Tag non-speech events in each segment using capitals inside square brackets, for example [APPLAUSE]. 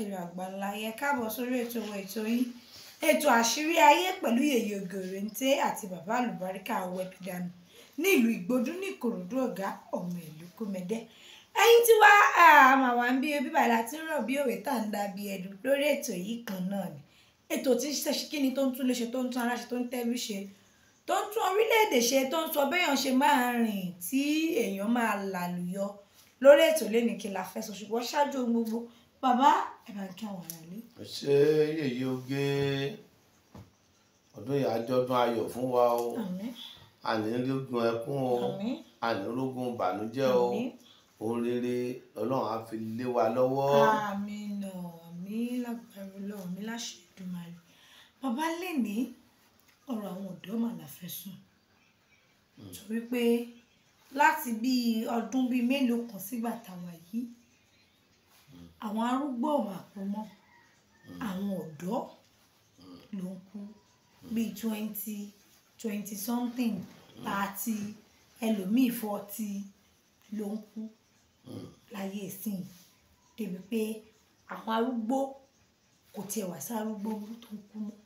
káàkiri àgbáńlá yẹ káàbọ̀ sórí ètò wa ètò yìí ètò àṣírí ayé pẹ̀lú yèyé ògèrèǹté àti bàbá àlùbáríkà wẹ̀pìdánù nílùú ìgbódún ní ìkòròdú ọ̀gá ọmọ ìlú kúmẹ̀dẹ́ ẹ̀yin tí wá máa wà ń bí ebi bàlá tí ń rọ̀ bí òwe tá ń da bí ẹ̀dùn lórí ètò yìí kan náà ni ètò tí kí ni tó ń tún lè ṣe tó ń tún ara ṣe tó ń tẹ́lú ṣe tó ń tún orílẹ̀-èdè ṣe tó ń sọ béèyàn ṣe máa rìn tí èèyàn máa làlùyọ lórí ètò lẹ́nìí kí la fẹ́ sọ ṣùgbọ́n ṣáájú ohun gbogbo bàbá ẹ bá ń kí àwọn ará ilé. ṣé yèyí oge ọdún yìí àjọ̀dún ayọ̀ fún wa o àní lógun ẹkún o àní lógun o ohun rere ọlọ́run á fi lé wa lọ́wọ́. àmín nà mí lágbára ọlọ́run mi láṣẹ Èdùmàrè bàbá lè ní ọ̀rọ̀ àwọn ọ̀dọ́ mà la fẹ́ sùn hmm. torí pé láti bíi ọdún bíi mélòó kan sígbà táwa yìí àwọn arúgbó ọ̀mà kú mọ́ àwọn ọ̀dọ́ ló ń kú bíi twenty twenty something thirty ẹlòmíì forty ló ń kú láyé ìsìn débi pé àwọn arúgbó kò tiẹ̀ wá sí arúgbó tó ń kú mọ́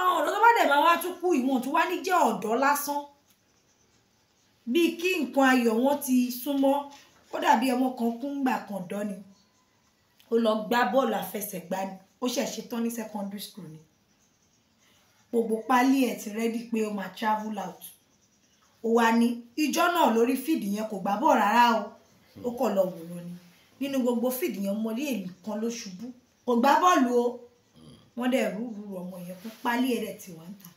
àwọn ọ̀dọ́ tó bá dẹ̀ máa wá tún kú ìwọ̀n tó wá ní jẹ́ ọ̀dọ́ lásán bíi kí nǹkan ayọ̀ wọn ti súnmọ́ ó dàbí ọmọ kan kú ń gbà kan dán ni ó lọ gbá bọ́ọ̀lù àfẹsẹ̀gbá ni ó ṣẹ̀ ṣetán ní secondary school ni gbogbo pálí ẹ̀ ti rẹ́dí pé ó máa travel out ó wá ní ìjọ náà lórí fíìdì yẹn kò gbá bọ̀ rárá o ó kọ̀ lọ wòran ni nínú gbogbo fíìdì yẹn mo rí èmi kan ló ṣubú kò gbá bọ́ọ̀lù o wọ́n dẹ̀ rúurú ọmọ yẹn kó pálí ẹ̀ rẹ̀ ti wá ń ta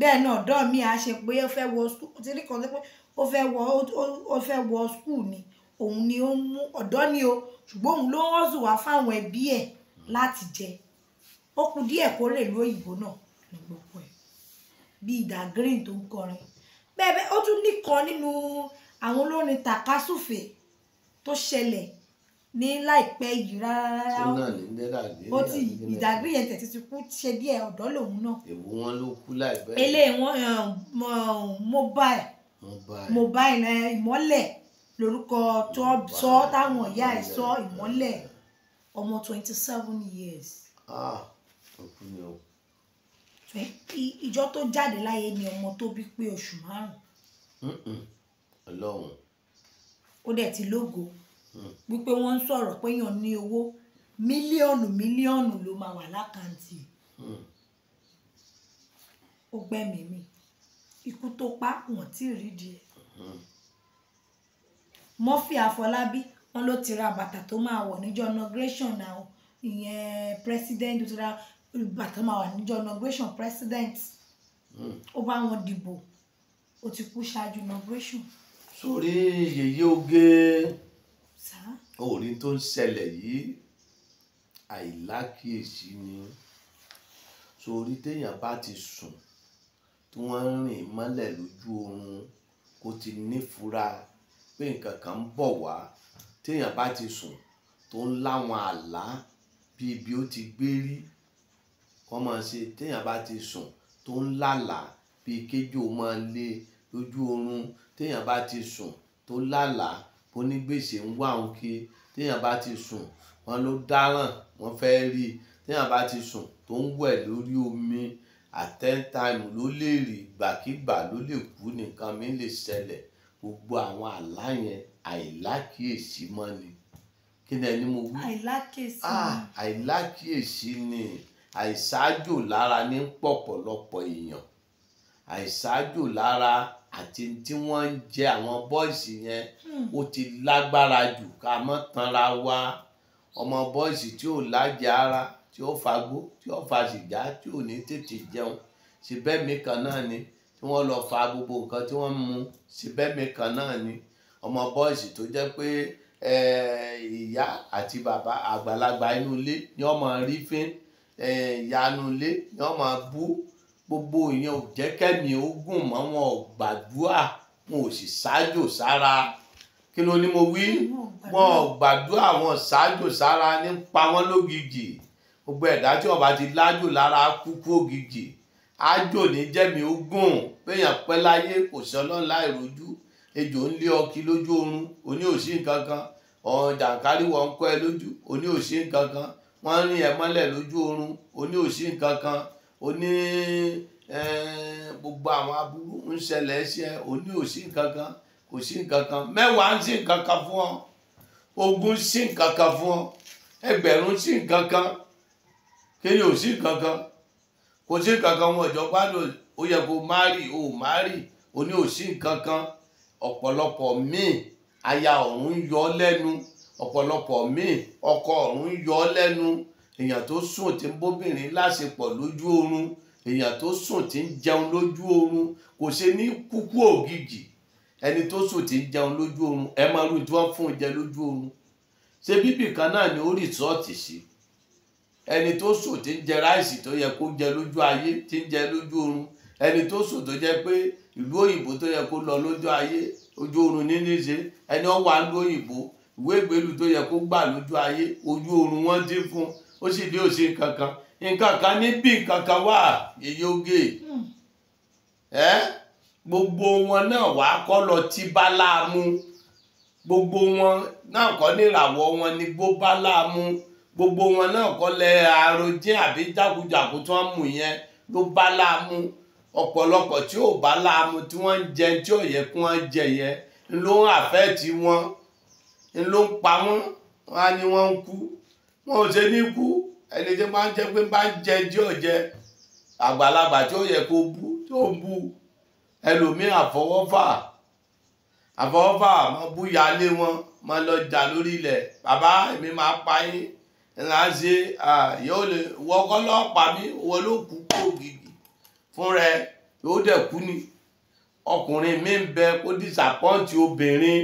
bẹ́ẹ̀ náà dán mi àá ṣe pé ó fẹ́ wọ sukùl tí rí kan tó pé ó fẹ́ wọ ó fẹ́ wọ skul ni òun ni ó ń mú ọ̀dọ́ ni o ṣùgbọ́n òun ló ń rọ́ọ̀sù wá fáwọn ẹbí ẹ̀ láti jẹ ó kù díẹ̀ kó lè lú òyìnbó náà ní gbogbo ẹ̀ bíi ìdá green tó ń kọrin bẹ́ẹ̀ bẹ́ẹ̀ ó tún nìkan nínú àwọn olórin tàkásùfè tó ṣẹlẹ̀ ní láìpẹ́ yìí rárá ó ti ìdàgbé yẹn tẹ̀sí ti kú ṣe díẹ̀ ọ̀dọ́ lòun náà. èwo wọn ló kú láìpẹ́. eléyìí wọn um, um, mobile Mobile ẹ̀ eh, ìmọ́lẹ̀ lórúkọ tó sọ táwọn ìyá ẹ̀ sọ ìmọ́lẹ̀ ọmọ twenty seven years. Ah, ìjọ tó jáde láyé ni ọmọ tó bí pé oṣù márùn-ún. Ọlọ́run. ó dẹ̀ ti lógo mm. wípé wọ́n ń sọ̀rọ̀ pé èèyàn ní owó mílíọ̀nù mílíọ̀nù ló máa wà lákàntì mm. ó gbẹ́mìí mi. Mm ikú tó pa wọn tí ì rídìí ẹ mm-hmm. Murphy Àfọlábí wọn ló ti ra bàtà tó máa wọ̀ níjọ́ inauguration náà ìyẹn president tó ti ra bàtà máa wà níjọ́ inauguration president mm-hmm. ó bá wọn dìbò ó ti kú ṣáájú inauguration. sórí yèyé oge òní tó ń ṣẹlẹ̀ yìí àìlákìyèsí ni sórí téèyàn bá ti sùn tí wọ́n ń rìn mọ́lẹ̀ lójú oorun kó ti nífura pé nǹkan kan ń bọ̀ wá téèyàn bá ti sùn tó ń láwọn àlá bí ibi ó ti gbé rí wọ́n máa ṣe téèyàn bá ti sùn tó ń lálàá bí kéjò máa lé lójú oorun téèyàn bá ti sùn tó lálàá bó ní gbèsè ń wá òun kí téèyàn bá ti sùn wọ́n ló dáràn wọ́n fẹ́ rí téèyàn bá ti sùn tó ń wẹ̀ lórí omi at ten time ló lè rí ìgbàkígbà ló lè kú nìkan mi lè ṣẹlẹ̀ gbogbo àwọn àlá yẹn àìlákìyèsí mọ́ ni kí ni ẹni mo wí. àìlákìyèsí ah, ni àìsáájò lára ní pọ̀pọ̀lọpọ̀ èèyàn àìsáájò lára àti tí wọ́n ń jẹ àwọn bọ́ìsì yẹn hmm. ó ti lágbára jù ká mọ́ tanra wa ọmọ bọ́ìsì tí ò lájẹ ara tí ó fagbó tí ó fa sìgá tí ò ní tètè jẹun síbẹ̀ mi kan náà ni tí wọ́n lọ fa gbogbo nǹkan tí wọ́n mu síbẹ̀ mi kan náà ni ọmọ bọ́ìsì tó jẹ́ pé ìyá àti bàbá àgbàlagbà inú ilé ni wọ́n máa rí fín ìyá inú ilé ni wọ́n máa bú gbogbo ìyẹn ò jẹ́ kẹ́mi ó mọ́ wọn gbàdúrà wọn ò sì ṣáájò sára kí ló ní mo wí wọn gbàdúrà wọn ṣáájò sára ní wọn lógìgì gbogbo ẹ̀dá tí ọba ti lájò lára kúkú ògìjì ájò ní jẹ́mi ogún péyàn pẹ́ láyé kò sí ọlọ́run láì rojú ejò ń lé ọkì lójú oorun oní òsì nǹkan kan ọ̀hún jàǹkárí wọn kọ́ ẹ lójú oní òsì nǹkan kan wọ́n rin ẹ mọ́lẹ̀ lójú oorun oní òsì nǹkan kan oní gbogbo àwọn aburú ń ṣẹlẹ̀ ṣe oní òsì nǹkan kan kò sí nǹkan kan mẹ́wàá ń sí nǹkan kan fún ọ ogún sí nǹkan kan fún ọ ẹgbẹ̀rún sí nǹkan kan kéde ò sí kankan kò sí kankan wọn ìjọ gbádùn ó yẹ kó márì ó márì ó ní ò sí kankan ọ̀pọ̀lọpọ̀ míì aya ọ̀hún yọ lẹ́nu ọ̀pọ̀lọpọ̀ míì ọkọ ọ̀hún yọ lẹ́nu èèyàn tó sùn tí ń bóbìnrin láṣepọ̀ lójú oorun èèyàn tó sùn tí ń jẹun lójú oorun kò ṣe ní kúkú ògìgì ẹni tó sùn tí ń jẹun lójú oorun ẹ máa rú tí wọ́n fún un jẹ lójú oorun ṣé bíbì kan náà ni ó rìsọ́ọ̀tì sí i ẹni tó sò tí ń jẹ ráìsì tó yẹ kó jẹ lójú ayé tí ń jẹ lójú oorun ẹni tó sò tó jẹ pé ìlú òyìnbó tó yẹ kó lọ lójú ayé ojú oorun ní ní ṣe ẹni ó wà lójú òyìnbó ìwé ìgbélú tó yẹ kó gbà lójú ayé ojú oorun wọn dín fún ó sì dé òsè kankan nkankan níbí nkankan wà èyí oge ẹ gbogbo wọn náà wà á kọ́ lọ tí bá láàmú gbogbo wọn náà kọ́ níràwọ̀ wọn ni bó bá láàmú. gbogbo wọn náà kọ́lẹ̀ àròjìn àbí jákujàku tí wọ́n mú yẹn ló bá láàmú ọ̀pọ̀lọpọ̀ tí ò bá láàmú tí wọ́n ń jẹ tí ò yẹ kí wọ́n jẹ yẹn ń ló ń àfẹ́ẹ̀tì wọn ń ló ń pa wọn wọn á ní wọn ń kú wọn ò ṣe ní kú ẹni tí máa ń jẹ pé máa ń jẹ tí ò jẹ àgbàlagbà tí ó yẹ kó bú tí ó bú ẹlòmíì àfọwọ́fà àfọwọ́fà máa bú yálé wọn máa lọ jà lórí ilẹ̀ bàbá èmi máa pa yín ńlá ṣe yóò lè wọkọ́ lọ́pàá mi wọ́n ló kú kó gidi fún rẹ yóò dẹ̀ kú ni ọkùnrin mi ń bẹ kó disapọ́ǹtì obìnrin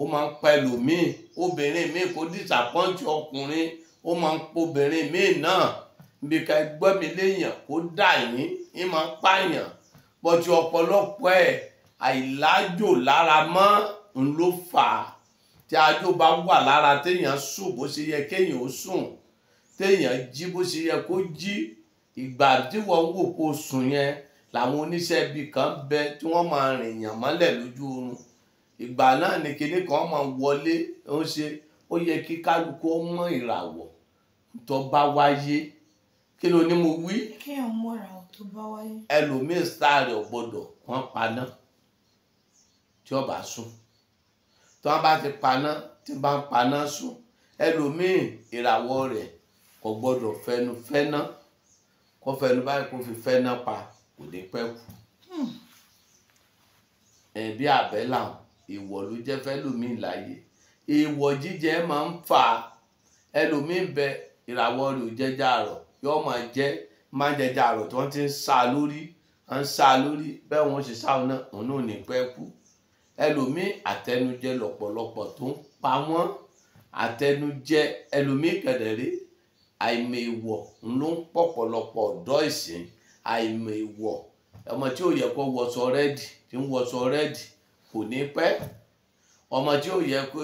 ó máa ń pẹ̀lú mi obìnrin mi kó disapọ́ǹtì ọkùnrin ó máa ń pobìnrin mi náà níbi ká ẹgbẹ́ mi léèyàn kó dà yín ń máa ń pààyàn bọ́tí ọ̀pọ̀lọpọ̀ ẹ̀ àìlájò lára mọ́ ń ló fà á tí ajó bá wà lára téèyàn sùn bó ṣe yẹ kéèyàn ó sùn téèyàn jí bó ṣe yẹ kó jí ìgbà tí wọ́n wò kó sùn yẹn làwọn oníṣẹ́ ibi kan bẹ tí wọ́n máa rìn yàn mọ́lẹ̀ lójú oorun ìgbà náà ni kinní kan máa wọlé ó ṣe ó yẹ kí kálukú ó mọ ìràwọ̀ tó bá wáyé kí ló ní mo wí. kí ẹ̀ ń mọ ìràwọ̀ tó bá wáyé. ẹlòmíín sáà rẹ̀ ò paná tí ó bá sùn tí wọ́n bá ti paná tí wọ́n bá ń paná sùn ẹlòmíì ìràwọ̀ rẹ̀ kò gbọ́dọ̀ fẹnu fẹ́ná kó fẹnu báyìí kó fi fẹ́ná pa kò ní pẹ́ kú. ẹ̀bí àbẹ́là ìwọ̀ ló jẹ́ fẹ́lòmíì láàyè ìwọ̀ jíjẹ máa ń fà á ẹlòmíì bẹ ìràwọ̀ rẹ̀ ò jẹ́jà àrọ̀ yóò máa jẹ́ máa ń jẹ́jà àrọ̀ tí wọ́n ti ń sá lórí ń sá lórí bẹ́ẹ̀ wọ́n ṣe sáwọn náà òun náà ò ní pẹ́ kú ẹlòmíì àtẹnujẹ lọ́pọ̀lọpọ̀ tó ń pa wọ́n àtẹnujẹ ẹlòmíì kẹdẹrí àìmọ ìwọ ló ń pọ̀pọ̀lọpọ̀ ọ̀dọ́ ìsìn àìmọ ìwọ ọmọ tí ò yẹ kó wọṣọ rẹ́dì tí ń wọṣọ rẹ́dì kò ní pẹ́ ọmọ tí ò yẹ kó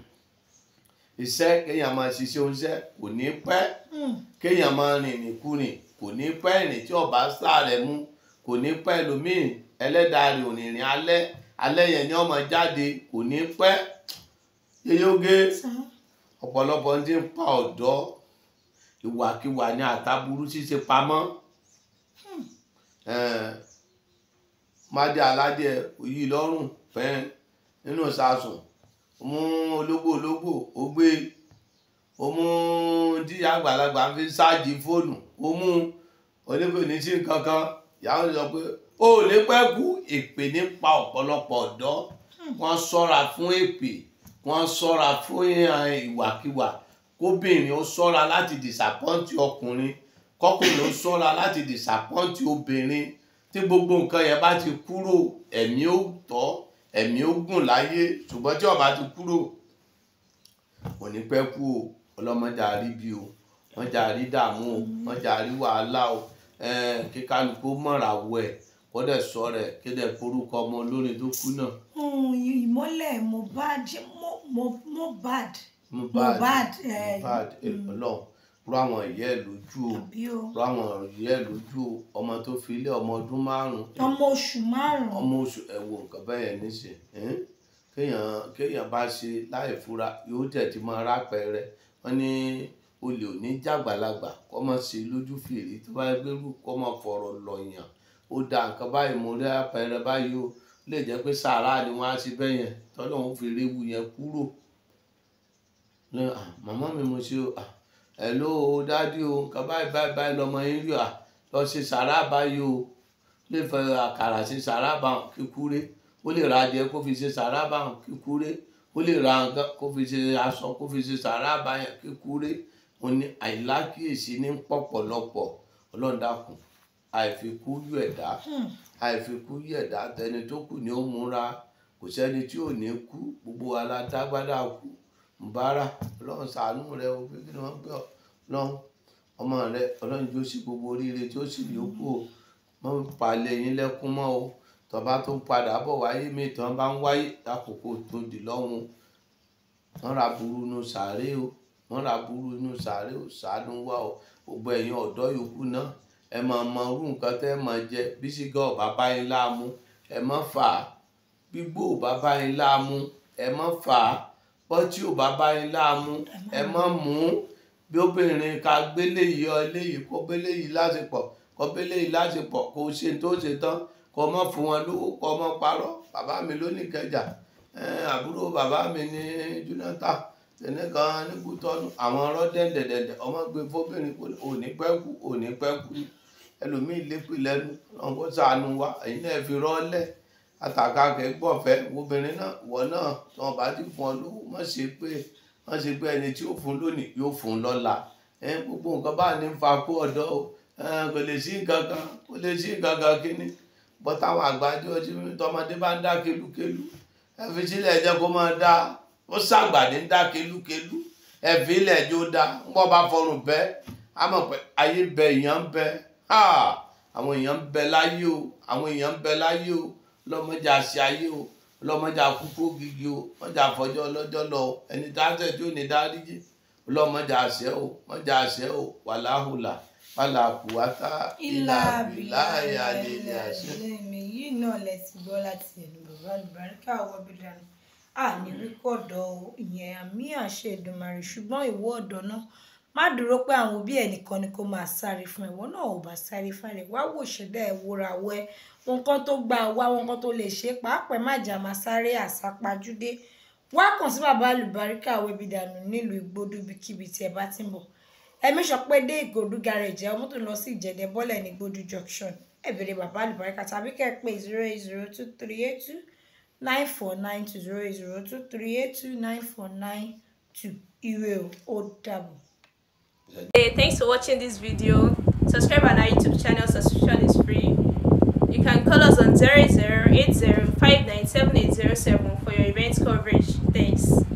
[CLEARS THROAT] iṣẹ́ kéèyàn máa ṣiṣẹ́ oúnjẹ kò ní pẹ́ hmm. kéèyàn máa rìn nìkúrìn kò ní pẹ́ ìrìn tí ọba sáà rẹ̀ mú kò ní pẹ́ lómìnir ẹlẹ́dàá rẹ̀ ò ní alẹ́ alẹ́ ni ọmọ jáde kò ní pẹ́ yeyóge ọ̀pọ̀lọpọ̀ ń ti pa ọ̀dọ́ ìwàkiwà ní àtàbúrú ṣíṣe pamọ́ hmm. mádé aládé òyì lọ́rùn fẹ́ẹ́ nínú sàásùn mú ológbò ológbò ó gbé mú àgbàlagbà fi ṣáàjì fóònù mú o ò lè pẹ́ kú èpè nípa ọ̀pọ̀lọpọ̀ ọ̀dọ́ wọ́n sọ́ra fún èpè wọ́n sọ́ra fún eh, ìwàkiwà kóbìnrin ó sọ́ra láti dìsàpọ́ǹtì ọkùnrin kọ́kùnrin ó sọ́ra láti dìsàpọ́ǹtì obìnrin tí gbogbo nǹkan yẹn bá ti kúrò ẹ̀mí ó tọ́ ẹ̀mí ó gùn láyé ṣùgbọ́n tí ó bá ti kúrò kò ní pẹ́ kú o ọlọ́mọdé àríbi o wọ́n jà rí dààmú o wọ́n jà rí wàhálà o eh, kíkálukú mọ̀ràwọ̀ ẹ̀ wọ́n dẹ̀ sọ rẹ̀ kí dẹ̀ forúkọ ọmọ olórin tó kú náà. Hmm, ìmọ́lẹ̀ Mohbad Mohbad Mohbad eh. Mohbad eh, hmm. Ọlọ́run rọ àwọn ìyá ẹ lójú o rọ àwọn ìyá ẹ lójú o ọmọ tó fi ilé ọmọ ọdún márùn. ọmọ oṣù márùn. ọmọ oṣù ẹ wo nǹkan bẹ́ẹ̀ yẹn níṣẹ́ kéèyàn kéèyàn bá ṣe láì fura yóò tẹ̀tí mọ́ ara pẹ̀rẹ̀ wọ́n olè ò ní jàgbàlagbà kọ́ mọ́ ṣe lójú fèrè tó bá gbérù kọ́ mọ́ fọ̀rọ̀ lọ̀yàn ó da nǹkan báyìí mo rí àpẹẹrẹ báyìí ó lè jẹ́ pé sàárà ni wọ́n á ṣe bẹ́ẹ̀ yẹn tọ́lọ́ òun fi réwu yẹn kúrò ní màmá mi mo ṣe ẹ ló o dádì o nǹkan báyìí báyìí báyìí lọmọ yín rí à lọ ṣe sàárà báyìí o lè fẹ́ àkàrà ṣe sàárà bá kíkúrẹ́ ó lè ra adìẹ kó fi ṣe sàárà bá kíkúrẹ́ ó lè ra nǹkan kó fi ṣe aṣọ kó fi ṣe sàárà bá kíkúrẹ́ òní àìlákìyèsí ní pọ̀pọ̀lọpọ̀ ọlọ́dàkùn àìfikúyú ẹ̀dá hmm. àìfikúyú ẹ̀dá tẹni tó kù ni ó múra kò sẹ́ni tí ò ní kú gbogbo alátágbádá kú mbára ọlọ́run ṣàánú rẹ o kí ni wọ́n gbé ọ ọmọ rẹ sí gbogbo oríire tí ó o mọ́ palẹ̀ yín lẹ́kún mọ́ o tọba tó ń padà bọ̀ wáyé mi tán bá ń wáyé lákòókò tó di lọ́hùn wọ́n burú inú sàárè o o ṣàánú wá o gbogbo ẹ̀yin ọ̀dọ́ yòókù ẹ máa mọ irú nǹkan tẹ́ ẹ máa jẹ bí ṣígá ò bá bá yín láàmú ẹ má fà á gbígbó ò bá bá yín láàmú ẹ má fà á pọ́tí ò bá bá yín láàmú ẹ má mú bí obìnrin ká gbélé yìí ọ eléyìí kó gbélé yìí lásìpọ̀ kó gbélé yìí lásìpọ̀ kó ṣe tó ṣe tán kó mọ̀ fún wọn lówó kó mọ̀ parọ́ bàbá mi ló ní àbúrò bàbá mi ní Jonathan tẹnìkan nígbùtọ́nù àwọn ọ̀rọ̀ dẹ́ndẹ̀dẹ̀dẹ̀ ọmọ gbé fóbìnrin kò ní pẹ́ kú ò pẹ́ kú ẹlòmíì lépè lẹ́nu ọkọ sànù wa ẹ̀yin náà fi rọ́ọ́lẹ̀ àtàkà kẹ́gbọ̀fẹ́ obìnrin náà wọ̀ náà tí wọ́n bá ti fún ọ lówó má ṣe pé má ṣe pé ẹni tí ó fún lónìí yóò fún lọ́la gbogbo nǹkan bá ní fa kó ọ̀dọ́ o kò lè sí gangan kò lè sí gangan kínní bọ́tà àwọn àgbájọ tí tọmọdé bá ń dá kelúkelú ẹ fi sílẹ̀ ẹ jẹ́ kó máa dá ó ṣàgbàdé ń dá kelúkelú ẹ fi ilẹ̀ jó dá ń bọ́ bá fọrùn bẹ́ àmọ̀ pé ayé bẹ ìyàn bẹ́ẹ̀ àwọn èèyàn ń bẹ láyé o àwọn èèyàn ń bẹ láyé o lọ́mọdé àṣẹ ayé o lọ́mọdé àkúkú ògìgì o mọ́jà àfọjọ́ ọlọ́jọ́ lọ ẹni dáńtẹ̀ tí ò ní dáríjì lọ́mọdé àṣẹ o mọ́jà àṣẹ o wàláhùlà alákùwátá ilà bìláyà lèlè àṣẹ. ẹlẹ́mi yìí náà lẹ ti gbọ́ láti ẹ̀nu bàbá àlùbáríkà ọwọ́ bídàní àní wípé ọ̀dọ́ ìyẹn àmì àṣẹ Èdùmàrè ṣùgbọ́n ìwọ ọ̀dọ́ náà má dúró pé àwọn òbí ẹ nìkan ni kó máa sáré fún ẹwọ náà ò bá sáré fún ẹ wá wò ṣẹdá ẹ wúra wẹ nǹkan tó gba wá nǹkan tó lè ṣe pàápàá má jà máa sáré àsápajúdé wá kàn sí bàbá àlùbáríkà wẹbi dànù nílùú igbódú ibikíbi tí ẹ bá ti ń bọ̀ ẹmí sọ dé ìgòdú garage ọmọ tó lọ sí ìjẹdẹ bọ́lẹ̀ ní gbódú junction ẹ béèrè bàbá àlùbáríkà tàbí kẹ́ pé zero eight zero two three eight two nine four nine two zero eight zero two three eight two nine four nine two ire o ó dàbọ̀. Hey, thanks for watching this video. Subscribe on our YouTube channel, subscription is free. You can call us on 0080 for your events coverage. Thanks.